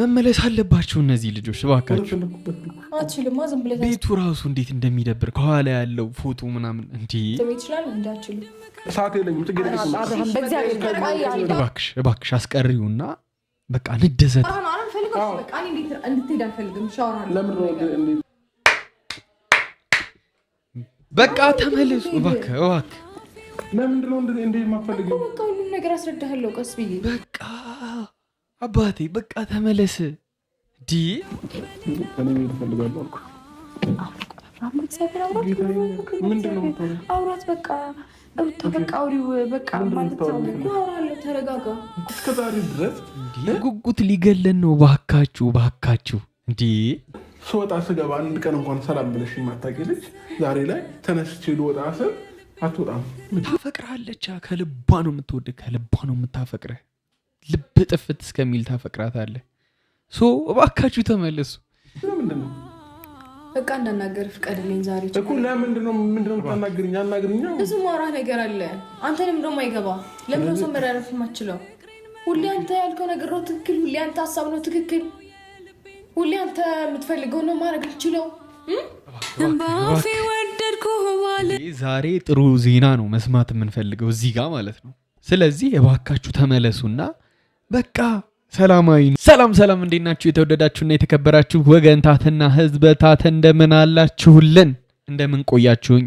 መመለስ አለባቸው እነዚህ ልጆች እባካቸው። ቤቱ ራሱ እንዴት እንደሚደብር ከኋላ ያለው ፎቶ ምናምን እንዲ እባክሽ እባክሽ አስቀሪውና በቃ እንደዘት በቃ ተመልሱ እባክህ እባክህ። ለምንድን ነው እንደዚህ የማትፈልገው? በቃ ሁሉም ነገር አስረዳሃለሁ ቀስ ብዬ በቃ አባቴ በቃ ተመለስ። ዲ አውራት በቃ በቃ አውሪው በቃ ተረጋጋ። እስከዛሬ ድረስ ጉጉት ሊገለን ነው። ባካችሁ ባካችሁ። እንዲ ስወጣ ስገባ አንድ ቀን እንኳን ሰላም ብለሽ የማታውቂልሽ ዛሬ ላይ ተነስቼ ልወጣ ስል አትወጣም። ታፈቅራለች። ከልቧ ነው የምትወድ፣ ከልቧ ነው የምታፈቅረህ ልብ ጥፍት እስከሚል ታፈቅራታለህ። ሶ እባካችሁ ተመለሱ። በቃ እንዳናገር ፍቀድልኝ። ዛሬ እኮ ለምንድን ነው ምንድን ነው የምታናግርኝ? አናግርኛ ብዙ ማውራት ነገር አለ። አንተንም ደግሞ አይገባ። ለምን ሰው መዳረፍ ማችለው? ሁሌ አንተ ያልከው ነገር ነው ትክክል። ሁሌ አንተ ሀሳብ ነው ትክክል። ሁሌ አንተ የምትፈልገው ነው ማድረግ የምችለው። ዛሬ ጥሩ ዜና ነው መስማት የምንፈልገው እዚህ ጋር ማለት ነው። ስለዚህ እባካችሁ ተመለሱና በቃ ሰላማዊ ሰላም ሰላም፣ እንዴት ናችሁ? የተወደዳችሁና የተከበራችሁ ወገን ታትና ህዝበ ታት እንደምን አላችሁልን? እንደምን ቆያችሁኝ?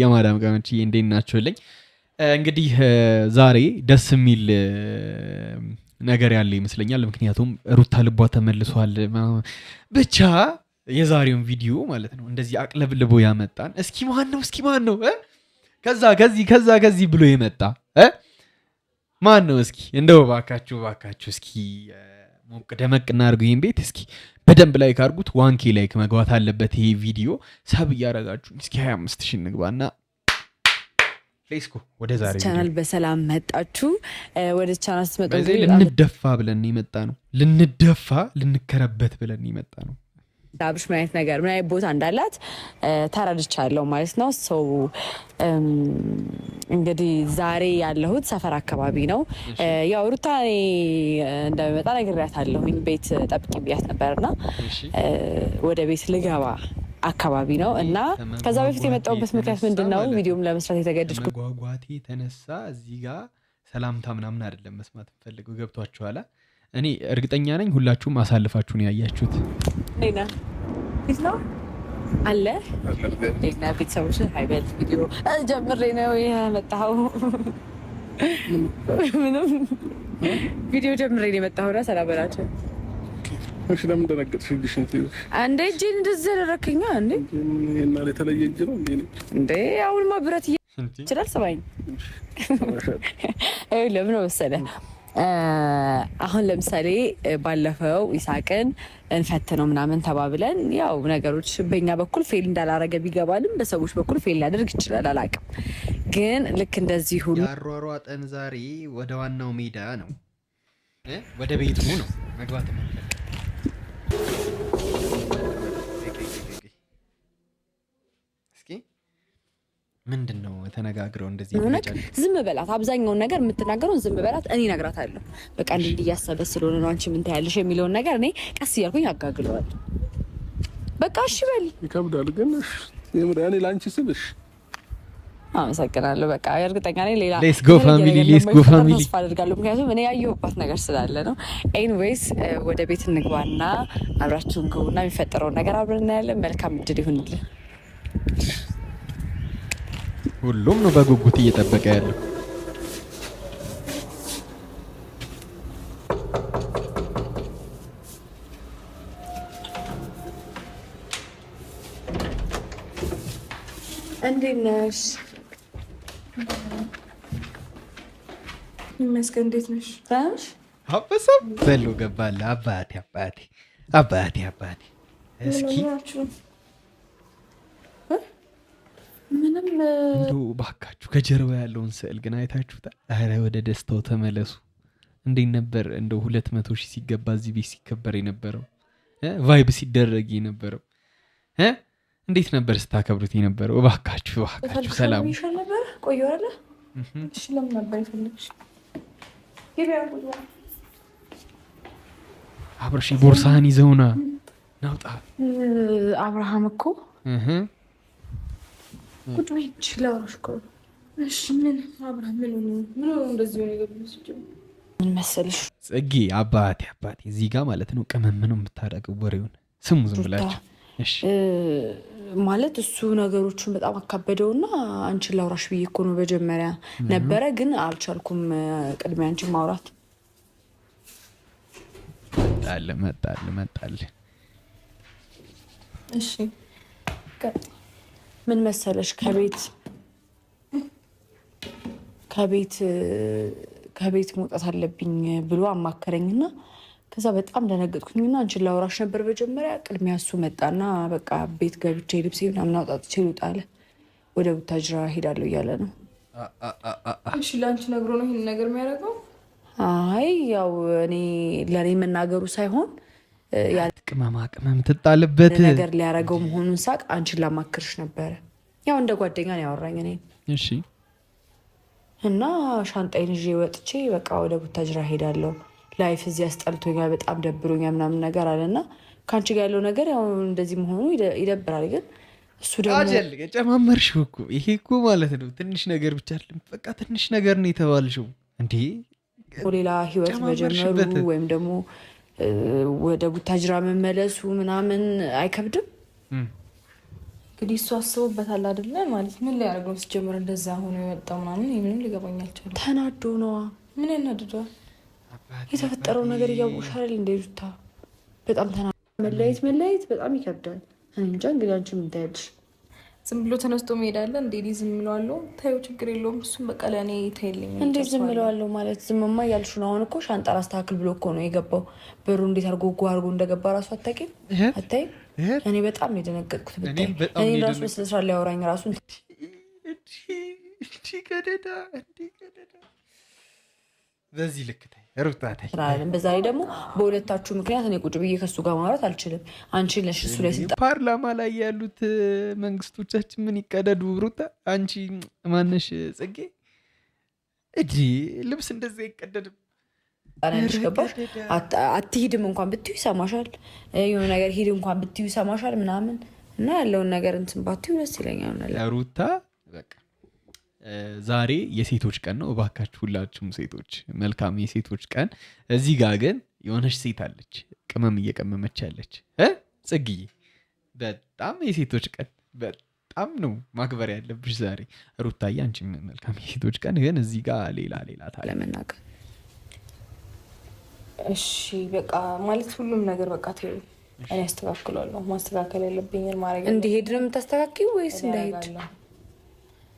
የማዳም ቀመች እንዴት ናችሁልኝ? እንግዲህ ዛሬ ደስ የሚል ነገር ያለ ይመስለኛል። ምክንያቱም ሩታ ልቧ ተመልሷል። ብቻ የዛሬውን ቪዲዮ ማለት ነው እንደዚህ አቅለብልቦ ያመጣን እስኪ ማን ነው እስኪ ማን ነው ከዛ ከዚህ ከዛ ከዚህ ብሎ የመጣ ማን ነው እስኪ እንደው ባካችሁ ባካችሁ እስኪ ሞቅ ደመቅ እናድርጉ ይህን ቤት እስኪ በደንብ ላይ ካርጉት ዋንኬ ላይክ መግባት አለበት ይሄ ቪዲዮ። ሰብ እያረጋችሁ እስኪ 25 ሺህ እንግባና ሌስኮ ወደ ዛሬ ቻናል በሰላም መጣችሁ። ወደ ቻናል ስትመጡ ልንደፋ ብለን የመጣ ነው። ልንደፋ ልንከረበት ብለን የመጣ ነው። ለአብርሽ ምን አይነት ነገር ምን አይነት ቦታ እንዳላት ተረድቻለሁ ማለት ነው። ሰው እንግዲህ ዛሬ ያለሁት ሰፈር አካባቢ ነው። ያው ሩታ እንደሚመጣ ነግሬያታለሁኝ። ቤት ጠብቂ ብያት ነበር ነበርና ወደ ቤት ልገባ አካባቢ ነው እና ከዛ በፊት የመጣሁበት ምክንያት ምንድን ነው? ቪዲዮም ለመስራት የተገደድኩ ጓጓቴ የተነሳ እዚህ ጋር ሰላምታ ምናምን አይደለም መስማት ፈልገው ገብቷችኋላ እኔ እርግጠኛ ነኝ ሁላችሁም አሳልፋችሁን ያያችሁት። አለ ና ቤተሰቦች ሀይበት ቪዲዮ ጀምሬ ነው የመጣው። ምንም ቪዲዮ ጀምሬ ነው የመጣው። ና ሰላም በላቸው። እሺ ለምን ደነገጥሽ? እንደ እጅን እንደዚህ ያደረክኛ እንዴ? እና የተለየ እጅ ነው እንዴ? አሁንማ ብረት ይችላል። ስማኝ ለምን መሰለህ አሁን ለምሳሌ ባለፈው ይሳቅን እንፈትነው ምናምን ተባብለን ያው ነገሮች በኛ በኩል ፌል እንዳላረገ ቢገባልም በሰዎች በኩል ፌል ሊያደርግ ይችላል፣ አላቅም። ግን ልክ እንደዚህ ሁሉ ያሯሯጠን ዛሬ ወደ ዋናው ሜዳ ነው፣ ወደ ቤቱ ነው መግባት ምንድን ነው ተነጋግረው እንደዚህ ዝም በላት። አብዛኛውን ነገር የምትናገረውን ዝም በላት። እኔ እነግራታለሁ። በቃ እንዲህ እያሰበ ስለሆነ ነው አንቺ ምን ታያለሽ የሚለውን ነገር እኔ ቀስ እያልኩኝ አጋግለዋል በቃ እሺ በል። ይከብዳል ግን እኔ ለአንቺ ስልሽ አመሰግናለሁ። በቃ እርግጠኛ ነኝ ሌላ ሌስ ጎ ፋሚሊ ሌስ ጎ ፋሚሊ ተስፋ አደርጋለሁ፣ ምክንያቱም እኔ ያየሁባት ነገር ስላለ ነው። ኤኒዌይስ ወደ ቤት እንግባና አብራችሁን ግቡና የሚፈጠረውን ነገር አብረን እናያለን። መልካም እድል ይሁንልን። ሁሉም ነው በጉጉት እየጠበቀ ያለው። እንዴት ነሽ? ይመስገን። እንዴት ነሽ? ታንሽ ዘሎ ገባለ አባቴ አባቴ አባቴ አባቴ እስኪ ምንም ባካችሁ ከጀርባ ያለውን ስዕል ግን አይታችሁታል? ኧረ ወደ ደስታው ተመለሱ። እንዴት ነበር እንደ ሁለት መቶ ሺህ ሲገባ እዚህ ቤት ሲከበር የነበረው ቫይብ ሲደረግ የነበረው እንዴት ነበር ስታከብሩት የነበረው? እባካችሁ እባካችሁ። ሰላም ነበር ለምን ነበር አብረሽ ቦርሳህን ይዘውና ናውጣ። አብርሃም እኮ ቁጭ እኮ ነው። እሺ ምን አብራ ምን ምን ሆኖ እንደዚህ ሆነ ምን መሰልሽ አባቴ አባቴ፣ እዚህ ጋር ማለት ነው ቅመም ነው የምታደርገው ወሬውን ስሙ ዝም ብላችሁ ማለት እሱ ነገሮቹን በጣም አካበደውና አንቺን ላውራሽ ብዬ እኮ ነው መጀመሪያ ነበረ፣ ግን አልቻልኩም። ቅድሚያ አንቺን ማውራት እሺ ምን መሰለሽ ከቤት ከቤት ከቤት መውጣት አለብኝ ብሎ አማከረኝና ከዛ በጣም ደነገጥኩኝና አንቺን ላውራሽ ነበር መጀመሪያ። ቅድሚያ እሱ መጣና በቃ ቤት ገብቼ ልብሴ ምናምን አውጣጥቼ ልውጣ አለ። ወደ ቡታጅራ ሄዳለሁ እያለ ነው። እሺ ለአንቺ ነግሮ ነው ይህን ነገር የሚያደርገው? አይ ያው እኔ ለእኔ መናገሩ ሳይሆን ያ ቅመማ ቅመም ትጣልበት ነገር ሊያደርገው መሆኑን ሳቅ አንቺን ላማክርሽ ነበረ። ያው እንደ ጓደኛ ነው ያወራኝ እኔ እሺ። እና ሻንጣይን ይዤ ወጥቼ በቃ ወደ ቡታጅራ ሄዳለሁ። ላይፍ እዚህ አስጠልቶኛል፣ በጣም ደብሮኛል ምናምን ነገር አለ እና ከአንቺ ጋር ያለው ነገር ያው እንደዚህ መሆኑ ይደብራል። ግን እሱ ደግሞ ጨማመርሽው እኮ ይሄ እኮ ማለት ነው ትንሽ ነገር ብቻ በቃ ትንሽ ነገር ነው የተባልሽው እንዴ ሌላ ህይወት መጀመሩ ወይም ደግሞ ወደ ቡታጅራ መመለሱ ምናምን አይከብድም። እንግዲህ እሱ አስቦበታል አይደለ? ማለት ምን ላይ አድርገው ሲጀምር እንደዛ ሆኖ የመጣው ምናምን ይህንም ሊገባኝ አልቻለም። ተናዶ ነዋ። ምን ያናድደዋል? የተፈጠረው ነገር እያቦሻል እንደ ሩታ በጣም ተና መለያየት መለያየት በጣም ይከብዳል። እንጃ እንግዲህ አንቺ ምን ታያለሽ? ዝም ብሎ ተነስቶ መሄዳለ እንዴ? ዝም ብለዋለሁ። ታዩ ችግር የለውም እሱም በቃ ለእኔ ታይልኝ። እንዴ ዝም ብለዋለሁ ማለት ዝምማ እያልሽ ነው? አሁን እኮ ሻንጣ ላስተካክል ብሎ እኮ ነው የገባው። ብሩ እንዴት አርጎ ጎ አርጎ እንደገባ ራሱ አታውቂም አታይም። እኔ በጣም የደነገጥኩት። ብታይ እኔ ራሱ ስነስራ ሊያወራኝ ራሱ እንዲህ ገደዳ እንዲህ ገደዳ በዚህ ልክ በዛ ላይ ደግሞ በሁለታችሁ ምክንያት እኔ ቁጭ ብዬ ከሱ ጋር ማውራት አልችልም። አንቺ ለሽ እሱ ላይ ስልጣን ፓርላማ ላይ ያሉት መንግስቶቻችን ምን ይቀደዱ። ሩታ አንቺ ማነሽ ጽጌ እጂ ልብስ እንደዚ አይቀደድም። ጣናንሽ አትሂድም እንኳን ብትዩ ይሰማሻል። የሆነ ነገር ሂድ እንኳን ብትዩ ይሰማሻል ምናምን እና ያለውን ነገር እንትን ባትዩ ደስ ይለኛል ሩታ በቃ ዛሬ የሴቶች ቀን ነው። እባካች ሁላችሁም ሴቶች መልካም የሴቶች ቀን። እዚህ ጋር ግን የሆነች ሴት አለች ቅመም እየቀመመች ያለች ጽግዬ። በጣም የሴቶች ቀን በጣም ነው ማክበር ያለብሽ ዛሬ ሩታዬ። አንቺም መልካም የሴቶች ቀን። ግን እዚህ ጋር ሌላ ሌላ ታዲያ ለመናገር እሺ፣ በቃ ማለት ሁሉም ነገር በቃ ተይው፣ እኔ አስተካክላለሁ። ማስተካከል ያለብኝን ማድረግ እንዲሄድ ነው የምታስተካክል ወይስ እንዳሄድ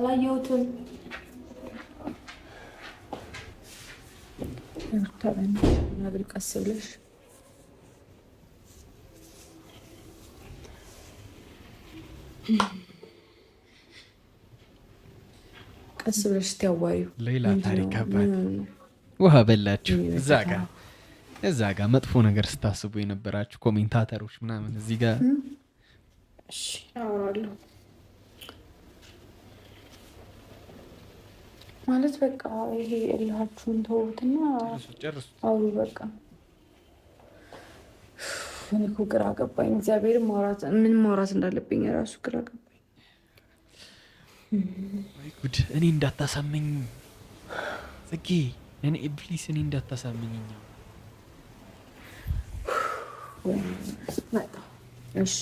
አላየሁትም። ናብል ቀስ ብለሽ ቀስ ብለሽ ትያዋሪው ሌላ ታሪክ አባት ውሃ በላችሁ። እዛ ጋ እዛ ጋ መጥፎ ነገር ስታስቡ የነበራችሁ ኮሜንታተሮች ምናምን እዚህ ጋር ማለት በቃ ይሄ እልሃችሁን ተውትና አውሩ። በቃ እኔ እኮ ግራ ገባኝ። እግዚአብሔር ምን ማውራት እንዳለብኝ የራሱ ግራ ገባኝ። ጉድ! እኔ እንዳታሳመኝ ጽጌ፣ እኔ ኢብሊስ፣ እኔ እንዳታሳመኝኛ። እሺ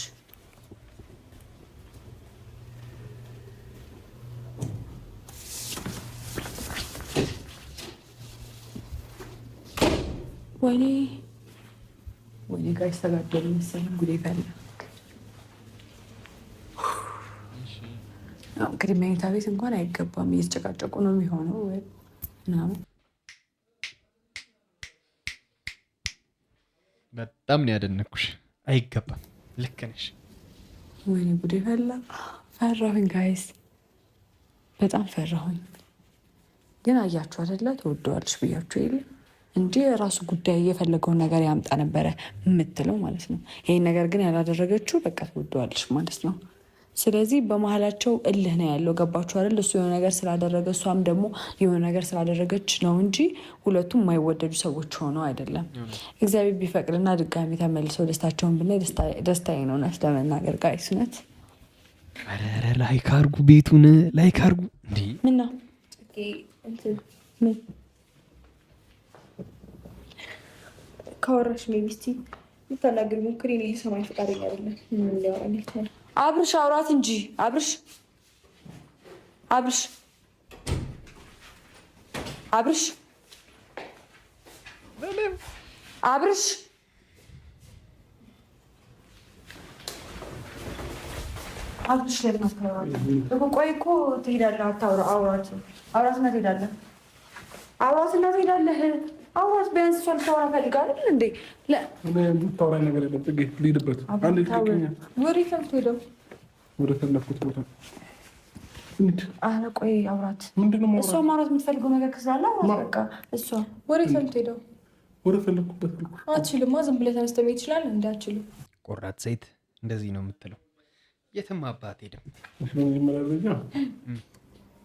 ወይኔ ወይኔ ጋር ይስተጋገል መሰለኝ ጉዴ ፈላ። እንግዲህ መኝታ ቤት እንኳን አይገባም፣ እየተጨቃጨቁ ነው የሚሆነው ምናምን። በጣም ነው ያደነኩሽ። አይገባም፣ ልክ ነሽ። ወይኔ ጉዴ ፈላ። ፈራሁኝ ጋይስ፣ በጣም ፈራሁኝ። ግን አያችሁ አይደለ? ተወደዋለች ብያችሁ የለም። እንጂ የራሱ ጉዳይ የፈለገውን ነገር ያምጣ ነበረ የምትለው ማለት ነው። ይሄን ነገር ግን ያላደረገችው በቃ ትወደዋለች ማለት ነው። ስለዚህ በመሀላቸው እልህ ነው ያለው። ገባችሁ አይደል? እሱ የሆነ ነገር ስላደረገ እሷም ደግሞ የሆነ ነገር ስላደረገች ነው እንጂ ሁለቱም የማይወደዱ ሰዎች ሆነው አይደለም። እግዚአብሔር ቢፈቅድና ድጋሚ ተመልሰው ደስታቸውን ብናይ ደስታዬ ነው። እውነት ለመናገር ጋይስ እውነት ላይክ አርጉ፣ ቤቱን ላይክ አድርጉ። ምነው ምን ካወራሽ ሚስቲ የምታናግሪው ምክር ሊሰማኝ ፈቃደኛ አይደለም። ሊያወራ አብርሽ አውራት እንጂ አብርሽ አብርሽ አብርሽ አብርሽ አብርሽ ለምን አታወራም? ቆይ እኮ ትሄዳለህ። አታውራ አውራት አውራትና ትሄዳለህ። አውራትና ትሄዳለህ አውራት ቢያንስ እሷን ታወራ ፈልጋለሁ እንዴ ታወራ ነገር የለም ፅጌ ልሂድበት ወዴት ነው የምትሄደው ወደ ፈለኩት ቦታ ኧረ ቆይ አውራት እሷ ማውራት የምትፈልገው ነገር ከስላለ በቃ እሷ ወዴት ነው ሄደው ወደ ፈለኩበት አችልማ ዝም ብለህ ተነስተህ መሄድ ይችላል እንደ አትችልም ቆራት ሴት እንደዚህ ነው የምትለው የትም አባት ሄደም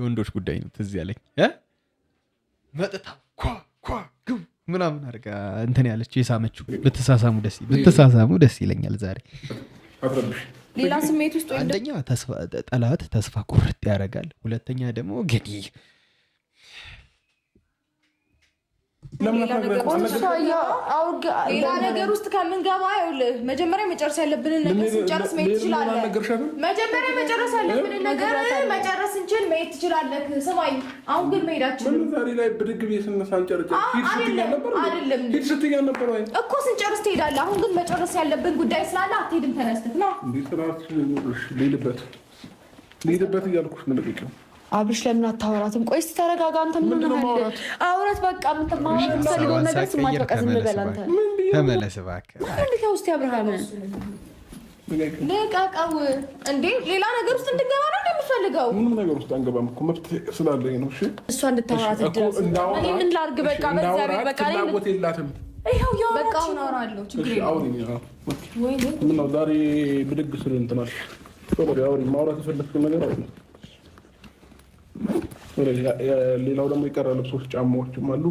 የወንዶች ጉዳይ ነው ትዝ ያለኝ መጥታ ግብ ምናምን አድርጋ እንትን ያለች የሳመችው ብትሳሳሙ ደስ ብትሳሳሙ ደስ ይለኛል። ዛሬ ሌላ ስሜት ውስጥ አንደኛ ጠላት ተስፋ ቁርጥ ያደርጋል። ሁለተኛ ደግሞ እንግዲህ ሌላ ነገር ውስጥ ከምንገባ ይኸውልህ መጀመሪያ መጨረስ ያለብንን ነገር ስንጨርስ መሄድ ትችላለህ። መጀመሪያ መጨረስ ያለብንን ነገር መጨረስ ትችላለህ። ሰማይ አሁን ግን መሄዳችን ዛሬ ላይ ብድግ ቤት ሳንጨርስ አይደለም ሂድ ስትይኝ እኮ ስንጨርስ ትሄዳለህ። አሁን ግን መጨረስ ያለብን ጉዳይ ስላለ አትሄድም። ተነስተህ ና ልሂድበት፣ ልሂድበት እያልኩሽ ምን ልቅ አብርሽ ለምን አታወራትም? ቆይ እስኪ ተረጋጋ። አንተ ምን ሆነሃል? አውራት በቃ የምትማወራት ትፈልገው ነገር ስማት። በቃ ዝም በል አንተ ተመለስ እባክህ። ውስጥ አብርሃምን ልቀቀው እንዴ! ሌላ ነገር ውስጥ እንድገባ ነው እንደምፈልገው። ምንም ነገር ውስጥ አንገባም እኮ መብት ስላለኝ ነው። እሺ እሷ እንድታወራት እኔ ምን ላድርግ? በቃ በእግዚአብሔር በቃ ፍላጎት የላትም። በቃ ሌላው ደግሞ የቀረ ልብሶች፣ ጫማዎችም አሉ።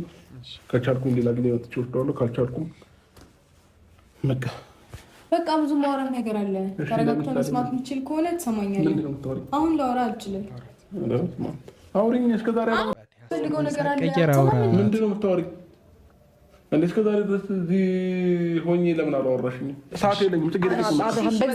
ከቻልኩም ሌላ ጊዜ ወጥቼ ወስደዋለሁ። ካልቻልኩም በቃ በቃ ብዙ ማውራት ነገር አለ። ተረጋግቶ መስማት የምችል ከሆነ ትሰማኛለህ። አሁን ላውራ አልችልም። አውሪኝ። እስከዛሬ ፈልገው ነገር አለ። ምንድን ነው እንደ ድረስ እዚህ ሆኜ ለምን አላወራሽኝም? ሰዓት የለኝም። እንድትሄድ ሁሉም ነገር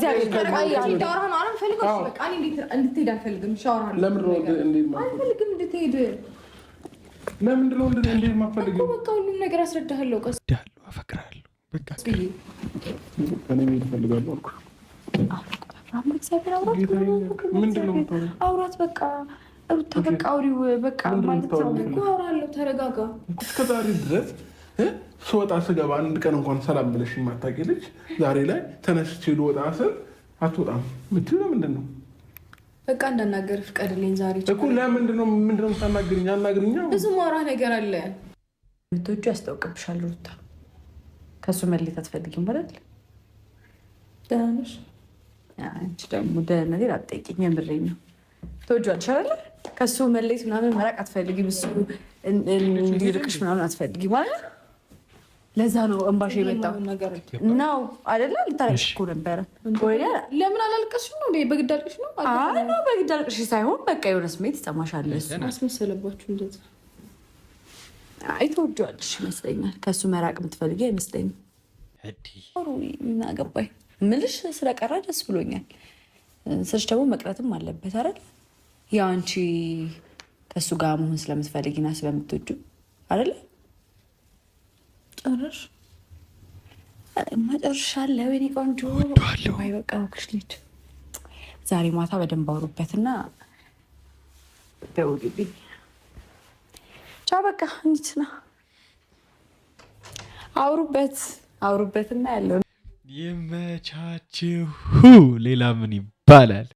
አስረዳሃለሁ። ቀስ አፈቅርሃለሁ አውራት በቃ ሩታ በቃ አውሪው በቃ አውራለሁ ተረጋጋ። እስከዛሬ ድረስ ስወጣ ስገባ አንድ ቀን እንኳን ሰላም ብለሽ የማታውቂ ልጅ ዛሬ ላይ ተነስቼ ልወጣ ስል አትወጣም የምትይው ነው? በቃ እንዳናገር ፍቀድልኝ። ዛሬ እኮ ለምንድን ነው ምንድን ነው ብዙ ነገር አለ። ቶቹ ያስታውቅብሻል ሩታ ከእሱ መሌት አትፈልጊም አይደል? ደህና ነሽ? አንቺ ደግሞ ደህና አትጠይቂኝ። የምሬን ነው። ተወጂዋለሽ አይደለ? ከእሱ መሌት ምናምን መራቅ አትፈልጊም። እሱ እንዲርቅሽ ምናምን አትፈልጊም አይደል? ለዛ ነው እንባሽ የመጣው ነው አይደለ? ልታለቅሽ እኮ ነበረ። ለምን አላልቀሽ ነው? በግድ አልቅሽ ነው? በግድ አልቅሽ ሳይሆን በቃ የሆነ ስሜት ይጠማሻል። እሱ አስመሰለባችሁ እንደዚያ አይ ትወጂዋለሽ ይመስለኛል። ከእሱ መራቅ የምትፈልጊ አይመስለኝም። ምን አገባኝ ምልሽ ስለቀረ ደስ ብሎኛል። ስልሽ ደግሞ መቅረትም አለበት አይደል? ያው አንቺ ከእሱ ጋር መሆን ስለምትፈልጊና ስለምትወጁ አይደለ? ጨረሽ መጨረሻ አለ። ወይኔ ቆንጆ ማይበቃ ክሽ ልጅ ዛሬ ማታ በደንብ አውሩበትና ደውልልኝ። ብቻ በቃ እንዲች አውሩበት አውሩበትና ያለው የመቻችሁ ሌላ ምን ይባላል?